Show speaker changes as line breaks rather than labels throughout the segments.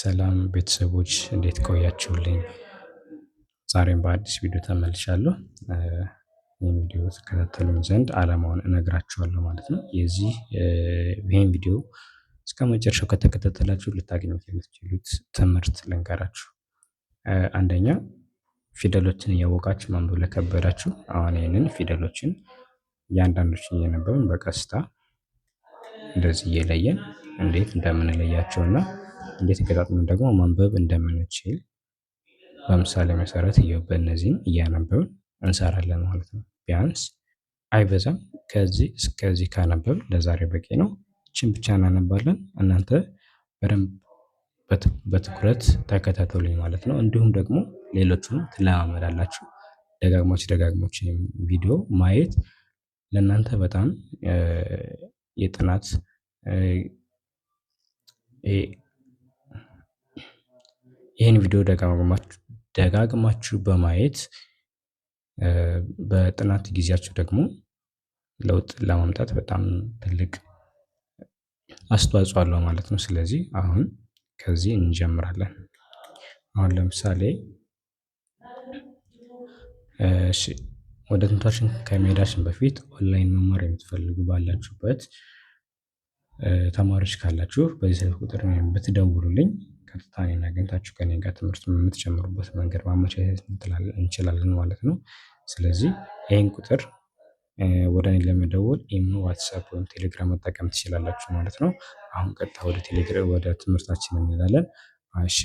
ሰላም ቤተሰቦች እንዴት ቆያችሁልኝ? ዛሬም በአዲስ ቪዲዮ ተመልሻለሁ። ይህን ቪዲዮ ተከታተሉኝ ዘንድ አላማውን እነግራችኋለሁ ማለት ነው። የዚህ ይህን ቪዲዮ እስከ መጨረሻው ከተከታተላችሁ ልታገኙት የምትችሉት ትምህርት ልንገራችሁ። አንደኛ ፊደሎችን እያወቃችሁ ማንበብ ለከበዳችሁ፣ አሁን ይህንን ፊደሎችን እያንዳንዶችን እየነበብን በቀስታ እንደዚህ እየለየን እንዴት እንደምንለያቸውና እንዴት ገጣጥመን ደግሞ ማንበብ እንደምንችል በምሳሌ መሰረት እየው በእነዚህም እያነበብን እንሰራለን ማለት ነው። ቢያንስ አይበዛም ከዚህ እስከዚህ ካነበብ ለዛሬ በቂ ነው። ይችን ብቻ እናነባለን። እናንተ በደንብ በትኩረት ተከታተሉኝ ማለት ነው። እንዲሁም ደግሞ ሌሎቹን ትለማመዳላችሁ። ደጋግሞች ደጋግሞች ቪዲዮ ማየት ለእናንተ በጣም የጥናት ይህን ቪዲዮ ደጋግማችሁ በማየት በጥናት ጊዜያችሁ ደግሞ ለውጥ ለማምጣት በጣም ትልቅ አስተዋጽኦ አለው ማለት ነው። ስለዚህ አሁን ከዚህ እንጀምራለን። አሁን ለምሳሌ ወደ ትምታችን ከሜዳችን በፊት ኦንላይን መማር የምትፈልጉ ባላችሁበት ተማሪዎች ካላችሁ በዚህ ስልክ ቁጥር ብትደውሉልኝ ቀጥታ እኔን አግኝታችሁ ከኔ ጋር ትምህርት የምትጀምሩበት መንገድ ማመቻቸት እንችላለን ማለት ነው። ስለዚህ ይሄን ቁጥር ወደ እኔ ለመደወል ኢሞ ዋትሳፕ ወይም ቴሌግራም መጠቀም ትችላላችሁ ማለት ነው። አሁን ቀጥታ ወደ ቴሌግራም ወደ ትምህርታችን እንላለን እሺ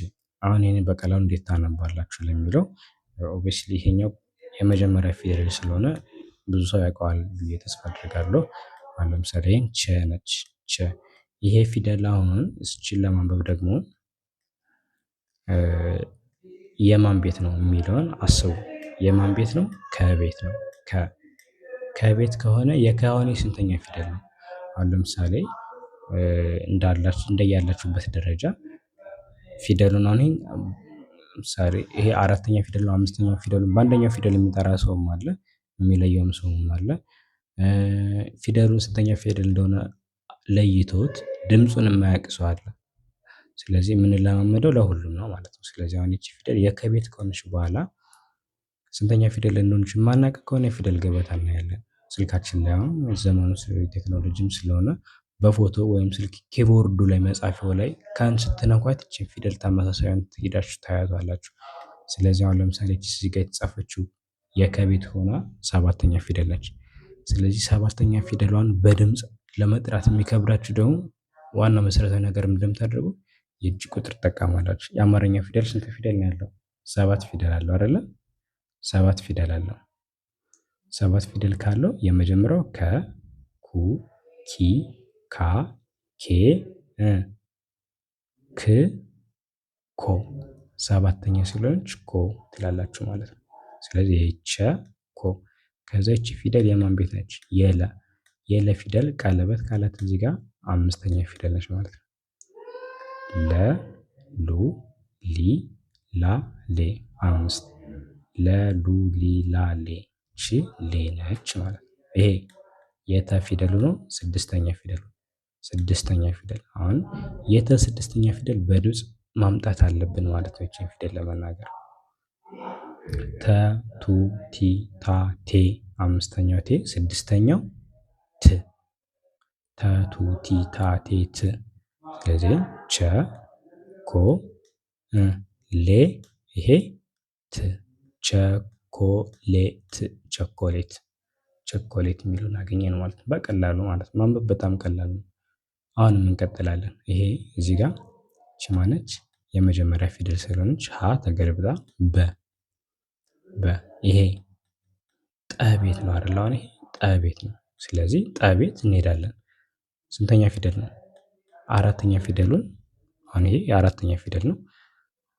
አሁን ይሄንን በቀላሉ እንዴት ታነባላችሁ ለሚለው ኦብቪየስሊ ይሄኛው የመጀመሪያ ፊደል ስለሆነ ብዙ ሰው ያውቀዋል ብዬ ተስፋ አደርጋለሁ። አሁን ለምሳሌ ቸ ነች ቸ ይሄ ፊደል አሁን እቺን ለማንበብ ደግሞ የማን ቤት ነው የሚለውን አስቡ። የማን ቤት ነው? ከቤት ነው። ከቤት ከሆነ የከሆነ ስንተኛ ፊደል ነው? አሁን ለምሳሌ እንደያላችሁበት ደረጃ ፊደሉን አሁን ምሳሌ ይሄ አራተኛ ፊደል ነው። አምስተኛ ፊደሉን በአንደኛው ፊደል የሚጠራ ሰውም አለ የሚለየውም ሰውም አለ። ፊደሉን ስንተኛ ፊደል እንደሆነ ለይቶት ድምፁን የማያውቅ ሰው አለ። ስለዚህ የምንለማመደው ለሁሉም ነው ማለት ነው። ስለዚህ አሁን ይቺ ፊደል የከቤት ከሆነች በኋላ ስንተኛ ፊደል እንደሆነች የማናውቅ ከሆነ የፊደል ገበታ እናያለን። ስልካችን ላይ አሁን ዘመኑ ቴክኖሎጂም ስለሆነ በፎቶ ወይም ስልክ ኪቦርዱ ላይ መጻፊው ላይ ካን ስትነኳት ይቺን ፊደል ተመሳሳዩን ሄዳችሁ ታያቷላችሁ። ስለዚህ አሁን ለምሳሌ ይቺ እዚህ ጋር የተጻፈችው የከቤት ሆና ሰባተኛ ፊደል ነች። ስለዚህ ሰባተኛ ፊደሏን በድምፅ ለመጥራት የሚከብዳችሁ ደግሞ ዋና መሰረታዊ ነገር እንደምታደርገው የእጅ ቁጥር ትጠቀማላችሁ። የአማርኛ ፊደል ስንት ፊደል ነው ያለው? ሰባት ፊደል አለው አይደለ? ሰባት ፊደል አለው። ሰባት ፊደል ካለው የመጀመሪያው ከ፣ ኩ፣ ኪ፣ ካ፣ ኬ፣ ክ፣ ኮ ሰባተኛ ስለሆነች ኮ ትላላችሁ ማለት ነው። ስለዚህ ይቸ ኮ። ከዛ ይቺ ፊደል የማን ቤት ነች? የለ የለ ፊደል ቀለበት ካላት እዚህ ጋር አምስተኛ ፊደል ነች ማለት ነው። ለ ሉ ሊ ላ ሌ አምስት ለ ሉ ሊ ላ ሌ ቺ ሌ ነች ማለት ነው። ይሄ የተ ፊደሉ ነው። ስድስተኛ ፊደል ስድስተኛ ፊደል አሁን የተ ስድስተኛ ፊደል በድምፅ ማምጣት አለብን ማለት ነው። ይቺን ፊደል ለመናገር ተ ቱ ቲ ታ ቴ አምስተኛው ቴ ስድስተኛው ት ተ ቱ ቲ ታ ቴ ት ስለዚህ ቸ ኮ ሌ ይሄ ት ቸኮሌት ቸኮሌት ቸኮሌት የሚለውን አገኘን ማለት ነው። በቀላሉ ማለት ነው። ማንበብ በጣም ቀላል ነው። አሁን እንቀጥላለን። ይሄ እዚህ ጋር ሽማነች የመጀመሪያ ፊደል ስለሆነች ሀ ተገርብታ በ በ ይሄ ጠቤት ነው አይደል? አሁን ይሄ ጠቤት ነው። ስለዚህ ጠቤት እንሄዳለን። ስንተኛ ፊደል ነው? አራተኛ ፊደሉን አሁን ይሄ የአራተኛ ፊደል ነው።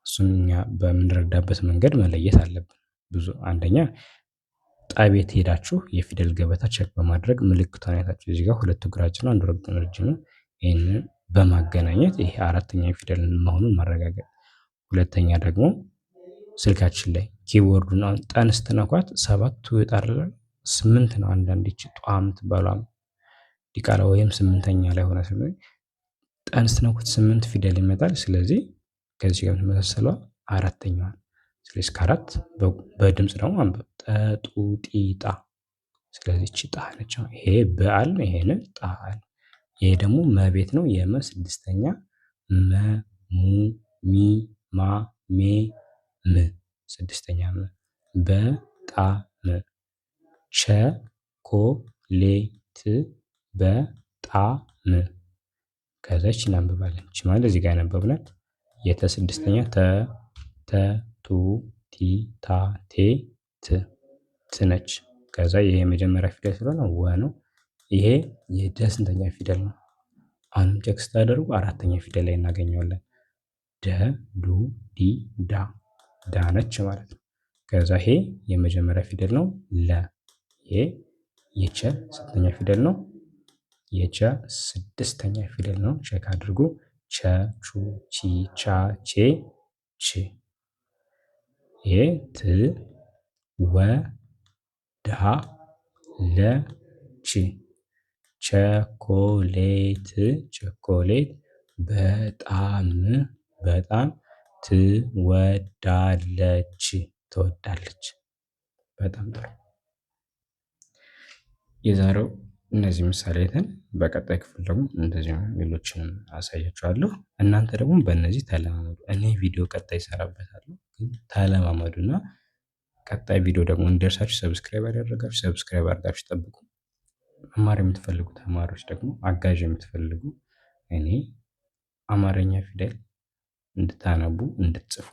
እሱን እኛ በምንረዳበት መንገድ መለየት አለብን። ብዙ አንደኛ ጣቤት ሄዳችሁ የፊደል ገበታ ቸክ በማድረግ ምልክቷን አይታችሁ እዚህ ጋር ሁለቱ ግራጭ ነው አንዱ ረጅም ነው። ይህንን በማገናኘት ይሄ አራተኛ ፊደል መሆኑን ማረጋገጥ። ሁለተኛ ደግሞ ስልካችን ላይ ኪቦርዱን አሁን ጣን ስትነኳት ሰባቱ ጣር ስምንት ነው። አንዳንድ ጧ የምትባሏም ዲቃላ ወይም ስምንተኛ ላይ ሆነ ጠን ስነኩት ስምንት ፊደል ይመጣል። ስለዚህ ከዚህ ጋር የምትመሳሰለዋ አራተኛዋን። ስለዚህ ከአራት በድምፅ ደግሞ አንብብ ጠጡ ጢጣ። ስለዚህ እቺ ጣ ነች። ይሄ በአል ይሄን ጣል። ይሄ ደግሞ መቤት ነው። የመ ስድስተኛ መ ሙ ሚ ማ ሜ ም ስድስተኛ ም በጣም ቸኮሌት በጣም ከዛች ይችን እናንብባለን። ይች ማለት እዚህ ጋር ያነበብናት የተ ስድስተኛ ተ ተ ቱ ቲ ታ ቴ ት ት ነች። ከዛ ይሄ የመጀመሪያ ፊደል ስለሆነ ወ ነው። ይሄ የደ ስንተኛ ፊደል ነው? አሁንም ቼክ ስታደርጉ አራተኛ ፊደል ላይ እናገኘዋለን። ደ ዱ ዲ ዳ ዳ ነች ማለት ነው። ከዛ ይሄ የመጀመሪያ ፊደል ነው ለ። ይሄ የቸ ስንተኛ ፊደል ነው? የቸ ስድስተኛ ፊደል ነው። ቼክ አድርጉ። ቸ፣ ቹ፣ ቺ፣ ቻ፣ ቼ፣ ች። ኤ፣ ት፣ ወ፣ ዳ፣ ለ፣ ቺ ቸኮሌት፣ ቸኮሌት በጣም በጣም ትወዳለች ትወዳለች። በጣም ጥሩ። የዛሬው እነዚህ ምሳሌ አይተን በቀጣይ ክፍል ደግሞ እንደዚሁ ሌሎችንም አሳያችኋለሁ። እናንተ ደግሞ በእነዚህ ተለማመዱ። እኔ ቪዲዮ ቀጣይ ይሰራበታለሁ። ተለማመዱና ቀጣይ ቪዲዮ ደግሞ እንደርሳችሁ ሰብስክራይብ ያደረጋችሁ ሰብስክራይብ አድርጋችሁ ጠብቁ። መማር የምትፈልጉ ተማሪዎች ደግሞ አጋዥ የምትፈልጉ እኔ አማርኛ ፊደል እንድታነቡ እንድትጽፉ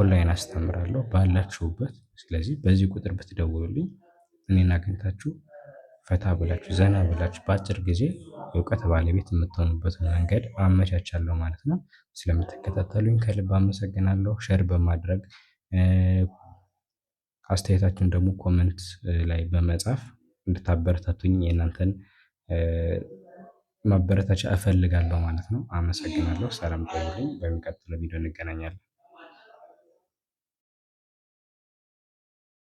ኦንላይን አስተምራለሁ ባላችሁበት። ስለዚህ በዚህ ቁጥር ብትደውሉልኝ እኔን አግኝታችሁ ፈታ ብላችሁ ዘና ብላችሁ በአጭር ጊዜ የእውቀት ባለቤት የምትሆኑበትን መንገድ አመቻቻለሁ ማለት ነው። ስለምትከታተሉኝ ከልብ አመሰግናለሁ። ሸር በማድረግ አስተያየታችሁን ደግሞ ኮመንት ላይ በመጻፍ እንድታበረታቱኝ የእናንተን ማበረታቻ እፈልጋለሁ ማለት ነው። አመሰግናለሁ። ሰላም ቆዩልኝ። በሚቀጥለው ቪዲዮ እንገናኛለን።